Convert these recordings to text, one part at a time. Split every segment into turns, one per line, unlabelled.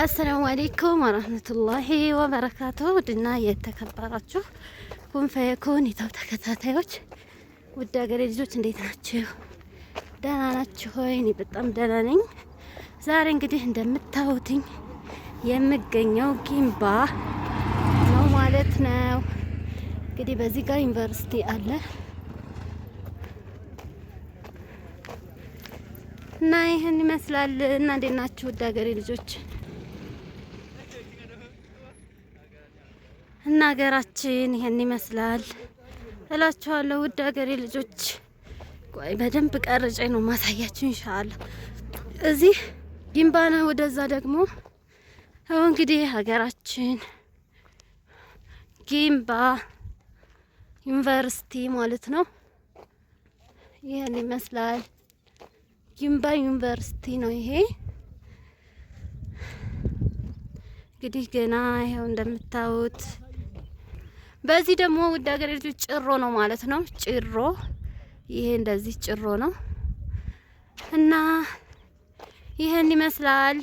አሰላሙ አሌይኩም ወረህመቱላሂ ወበረካቱ ውድና የተከበራችሁ ኩን ፈየኩን ተከታታዮች ውድ ሀገሬ ልጆች እንዴት ናችሁ? ደህና ናችሁ ሆይ? በጣም ደህና ነኝ። ዛሬ እንግዲህ እንደምታዩትኝ የምገኘው ጊንባ ነው ማለት ነው። እንግዲህ በዚህ ጋር ዩኒቨርሲቲ አለ እና ይህን ይመስላል እና እንዴት ናችሁ ውድ ሀገሬ ልጆች እና ሀገራችን ይሄን ይመስላል እላችኋለሁ። ውድ ሀገሬ ልጆች፣ ቆይ በደንብ ቀርጬ ነው ማሳያችሁ እንሻአላ። እዚህ ነው። ወደዛ ደግሞ አሁን እንግዲህ ሀገራችን ጊንባ ዩኒቨርሲቲ ማለት ነው። ይሄን ይመስላል ጊንባ ዩኒቨርሲቲ ነው ይሄ። እንግዲህ ገና ይኸው እንደምታዩት በዚህ ደግሞ ውድ ሀገሬ ልጆች ጭሮ ነው ማለት ነው። ጭሮ ይሄ እንደዚህ ጭሮ ነው እና ይሄን ይመስላል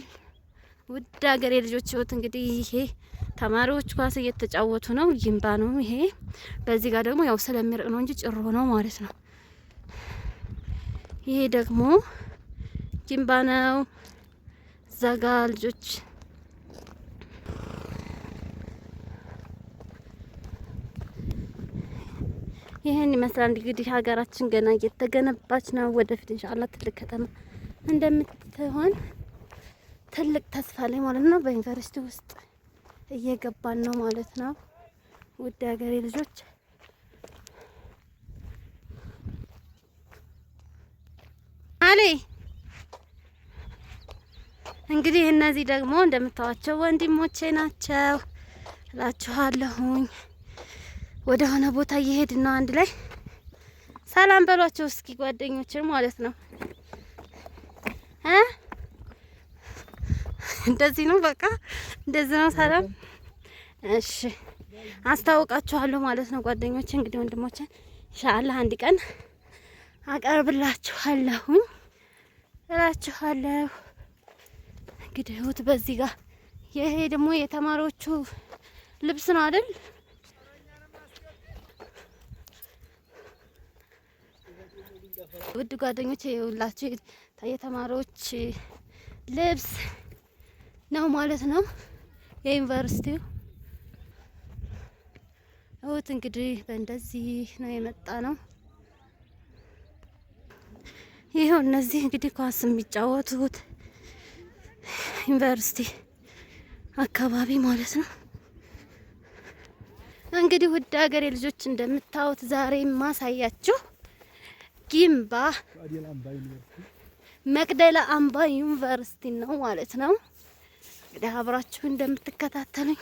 ውድ ሀገሬ ልጆች ህይወት እንግዲህ ይሄ ተማሪዎች ኳስ እየተጫወቱ ነው። ይምባ ነው ይሄ። በዚህ ጋር ደግሞ ያው ስለሚርቅ ነው እንጂ ጭሮ ነው ማለት ነው። ይሄ ደግሞ ጊንባ ነው። እዛ ልጆች ይህን ይመስላል እንግዲህ ሀገራችን ገና እየተገነባች ነው። ወደፊት እንሻላ ትልቅ ከተማ እንደምትሆን ትልቅ ተስፋ ላይ ማለት ነው። በዩኒቨርሲቲ ውስጥ እየገባን ነው ማለት ነው። ውድ ሀገሬ ልጆች አሌ እንግዲህ እነዚህ ደግሞ እንደምታዋቸው ወንድሞቼ ናቸው እላችኋለሁኝ። ወደ ሆነ ቦታ እየሄድን ነው። አንድ ላይ ሰላም በሏቸው እስኪ ጓደኞችን ማለት ነው። እንደዚህ ነው በቃ እንደዚህ ነው። ሰላም እሺ፣ አስታውቃችኋለሁ ማለት ነው ጓደኞች። እንግዲህ ወንድሞችን ኢንሻአላህ አንድ ቀን አቀርብላችኋለሁኝ እላችኋለሁ። እንግዲህ እሁት በዚህ ጋር ይሄ ደግሞ የተማሪዎቹ ልብስ ነው አይደል? ውድ ጓደኞች የውላችሁ የተማሪዎች ልብስ ነው ማለት ነው። የዩኒቨርሲቲው እውት እንግዲህ በእንደዚህ ነው የመጣ ነው። ይኸው እነዚህ እንግዲህ ኳስ የሚጫወቱት ዩኒቨርሲቲ አካባቢ ማለት ነው። እንግዲህ ውድ ሀገሬ ልጆች እንደምታዩት ዛሬ ማሳያችሁ ጊምባ መቅደላ አምባ ዩኒቨርሲቲ ነው ማለት ነው። እንግዲህ አብራችሁ እንደምትከታተሉኝ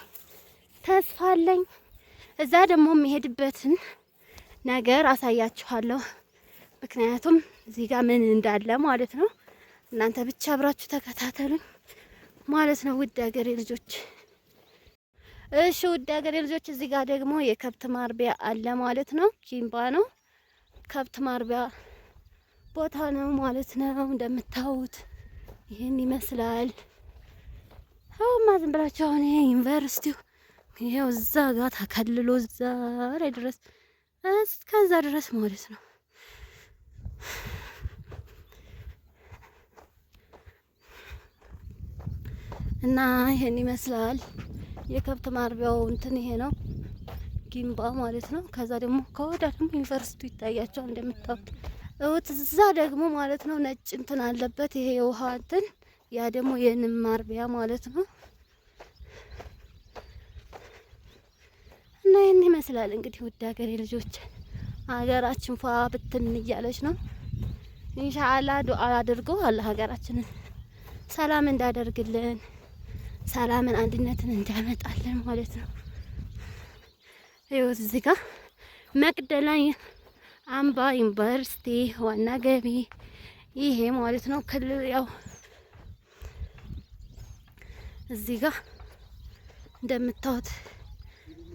ተስፋ አለኝ። እዛ ደግሞ የሚሄድበትን ነገር አሳያችኋለሁ። ምክንያቱም እዚህ ጋር ምን እንዳለ ማለት ነው። እናንተ ብቻ አብራችሁ ተከታተሉኝ ማለት ነው፣ ውድ ሀገሬ ልጆች። እሺ ውድ ሀገሬ ልጆች፣ እዚህ ጋር ደግሞ የከብት ማርቢያ አለ ማለት ነው። ኪምባ ነው ከብት ማርቢያ ቦታ ነው ማለት ነው። እንደምታዩት ይህን ይመስላል። አሁንማ ዝም ብላችሁ አሁን ይሄ ዩኒቨርሲቲው ይሄው እዛ ጋር ተከልሎ እዛ ድረስ እስከዛ ድረስ ማለት ነው። እና ይሄን ይመስላል የከብት ማርቢያው እንትን ይሄ ነው። ጊንባ ማለት ነው። ከዛ ደግሞ ከወዳ ደግሞ ዩኒቨርሲቲ ይታያቸው እንደምታውቁት እውት እዛ ደግሞ ማለት ነው ነጭ እንትን አለበት ይሄ የውሃ እንትን ያ ደግሞ የንም ማርቢያ ማለት ነው። እና ይህን ይመስላል እንግዲህ ውድ ሀገሬ ልጆች ሀገራችን ፏ ብትን እያለች ነው። እንሻአላ ዱዓ አድርጎ አላህ ሀገራችንን ሰላም እንዳደርግልን፣ ሰላምን አንድነትን እንዳመጣልን ማለት ነው። ይኸው እዚህ ጋ መቅደላ አምባ ዩኒቨርሲቲ ዋና ገቢ ይሄ ማለት ነው። ክልል ያው እዚህ ጋ እንደምታዩት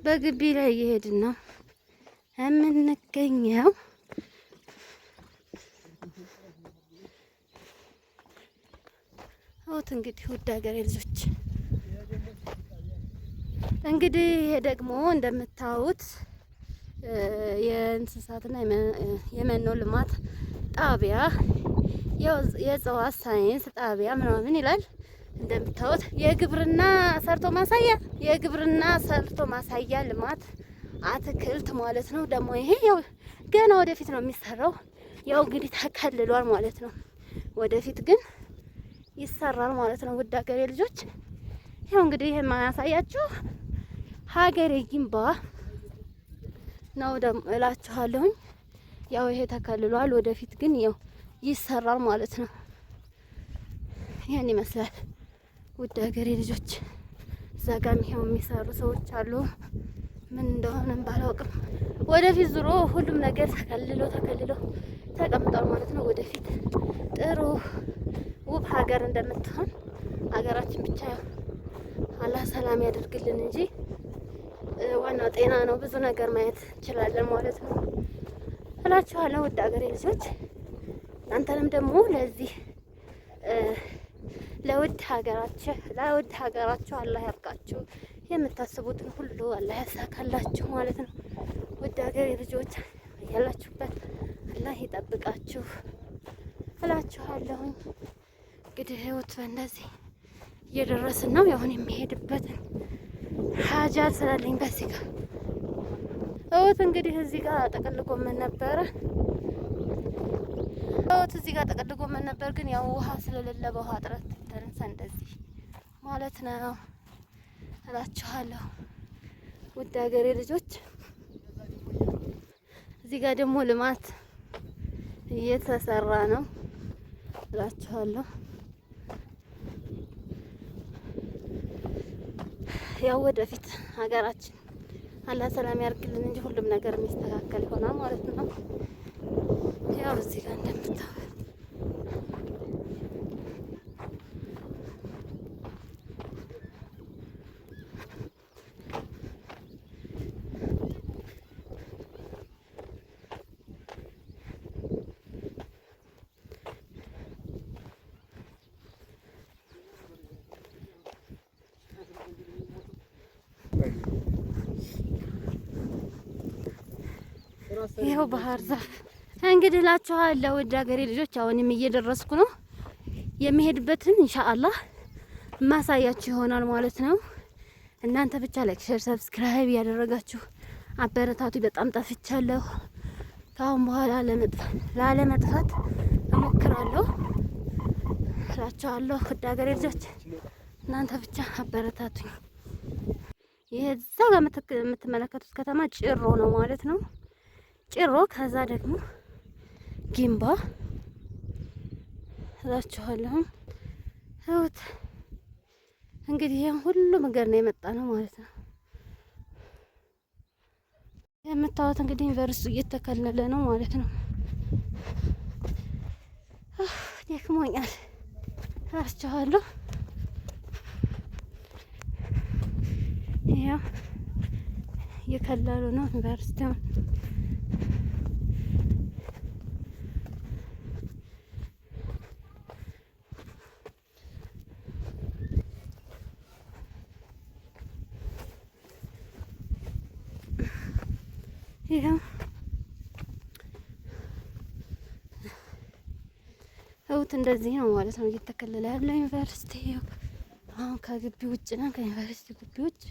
በግቢ ላይ እየሄድን ነው የምንገኘው። ኦት እንግዲህ ውድ ሀገሬ ልጆች እንግዲህ ይሄ ደግሞ እንደምታዩት የእንስሳትና የመኖ ልማት ጣቢያ የእጽዋት ሳይንስ ጣቢያ ምናምን ይላል። እንደምታዩት የግብርና ሰርቶ ማሳያ የግብርና ሰርቶ ማሳያ ልማት አትክልት ማለት ነው። ደግሞ ይሄ ያው ገና ወደፊት ነው የሚሰራው። ያው እንግዲህ ተከልሏል ማለት ነው። ወደፊት ግን ይሰራል ማለት ነው። ውድ ሀገሬ ልጆች ያው እንግዲህ ይሄ ማያሳያችሁ ሀገሬ ጊንባ ነው ደግሞ እላችኋለሁኝ። ያው ይሄ ተከልሏል። ወደፊት ግን ያው ይሰራል ማለት ነው። ይህን ይመስላል ውድ ሀገሬ ልጆች። እዛ ጋም ይሄው የሚሰሩ ሰዎች አሉ። ምን እንደሆነም ባላውቅም ወደፊት ዙሮ ሁሉም ነገር ተከልሎ ተከልሎ ተቀምጧል ማለት ነው። ወደፊት ጥሩ ውብ ሀገር እንደምትሆን ሀገራችን ብቻ አላህ ሰላም ያደርግልን እንጂ ዋናው ጤና ነው። ብዙ ነገር ማየት እንችላለን ማለት ነው እላችኋለሁ። ውድ ሀገሬ ልጆች እናንተንም ደግሞ ለዚህ ለውድ ሀገራችሁ ለውድ ሀገራችሁ አላህ ያብቃችሁ። የምታስቡትን ሁሉ አላህ ያሳካላችሁ ማለት ነው። ውድ ሀገሬ ልጆች ያላችሁበት አላህ ይጠብቃችሁ እላችኋለሁኝ። እንግዲህ ህይወት በእንደዚህ እየደረስን ነው ያሁን የሚሄድበትን ሀጃ ስላለኝ በዚህ ጋር እውት እንግዲህ እዚህ ጋር ጥቅል ጎመን ነበረ። እውት እዚህ ጋር ጥቅል ጎመን ነበር፣ ግን ያው ውሃ ስለሌለ በውሃ ጥረት ተነሳ እንደዚህ ማለት ነው እላችኋለሁ ውድ ሀገሬ ልጆች። እዚህ ጋር ደግሞ ልማት እየተሰራ ነው እላችኋለሁ። ያው ወደፊት ሀገራችን አላህ ሰላም ያርግልን እንጂ ሁሉም ነገር የሚስተካከል ይሆናል ማለት ነው። ያው እዚህ ጋር እንደምታው ይኸው ባህር ዛፍ እንግዲህ እላችኋለሁ። ውድ ሀገሬ ልጆች አሁንም እየደረስኩ ነው። የሚሄድበትን ኢንሻአላህ ማሳያችሁ ይሆናል ማለት ነው። እናንተ ብቻ ላይክ፣ ሼር፣ ሰብስክራይብ ያደረጋችሁ አበረታቱ። በጣም ጠፍቻለሁ። ከአሁን በኋላ ላለመጥፋት እሞክራለሁ እላችኋለሁ። ውድ ሀገሬ ልጆች እናንተ ብቻ አበረታቱኝ። ይሄ እዛ ጋር የምትመለከቱት ከተማ ጭሮ ነው ማለት ነው። ጭሮ ከዛ ደግሞ ጊምባ እላችኋለሁ። ህይወት እንግዲህ ይሄን ሁሉ መንገድ ነው የመጣ ነው ማለት ነው። የምታዩት እንግዲህ ዩኒቨርስቲ እየተከለለ ነው ማለት ነው። ደክሞኛል እላችኋለሁ። ይሄ የከለሉ ነው ዩኒቨርሲቲውን እውት እንደዚህ ነው ማለት ነው እየተከለለ ያለው ዩኒቨርሲቲ። አሁን ከግቢ ውጭ ነን፣ ከዩኒቨርሲቲ ግቢ ውጭ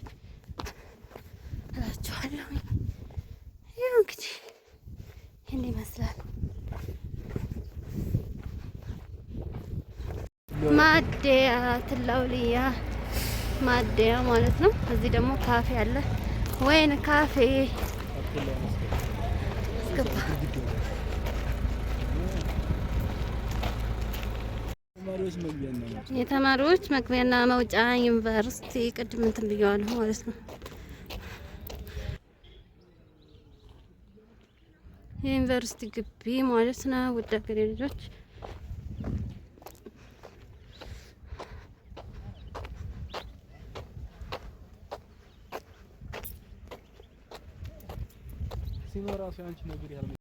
አደርጋለሁ። ያው እንግዲህ ይህን ይመስላል። ማደያ ትላውልያ ማደያ ማለት ነው። እዚህ ደግሞ ካፌ አለ። ወይን ካፌ አስገባ የተማሪዎች መግቢያና መውጫ ዩኒቨርሲቲ ቅድም እንትን ብየዋለሁ ማለት ነው። የዩኒቨርሲቲ ግቢ ማለት ነው። ውድ ሀገሬ ልጆች ሲኖራ ሲያንች ነገር ያለ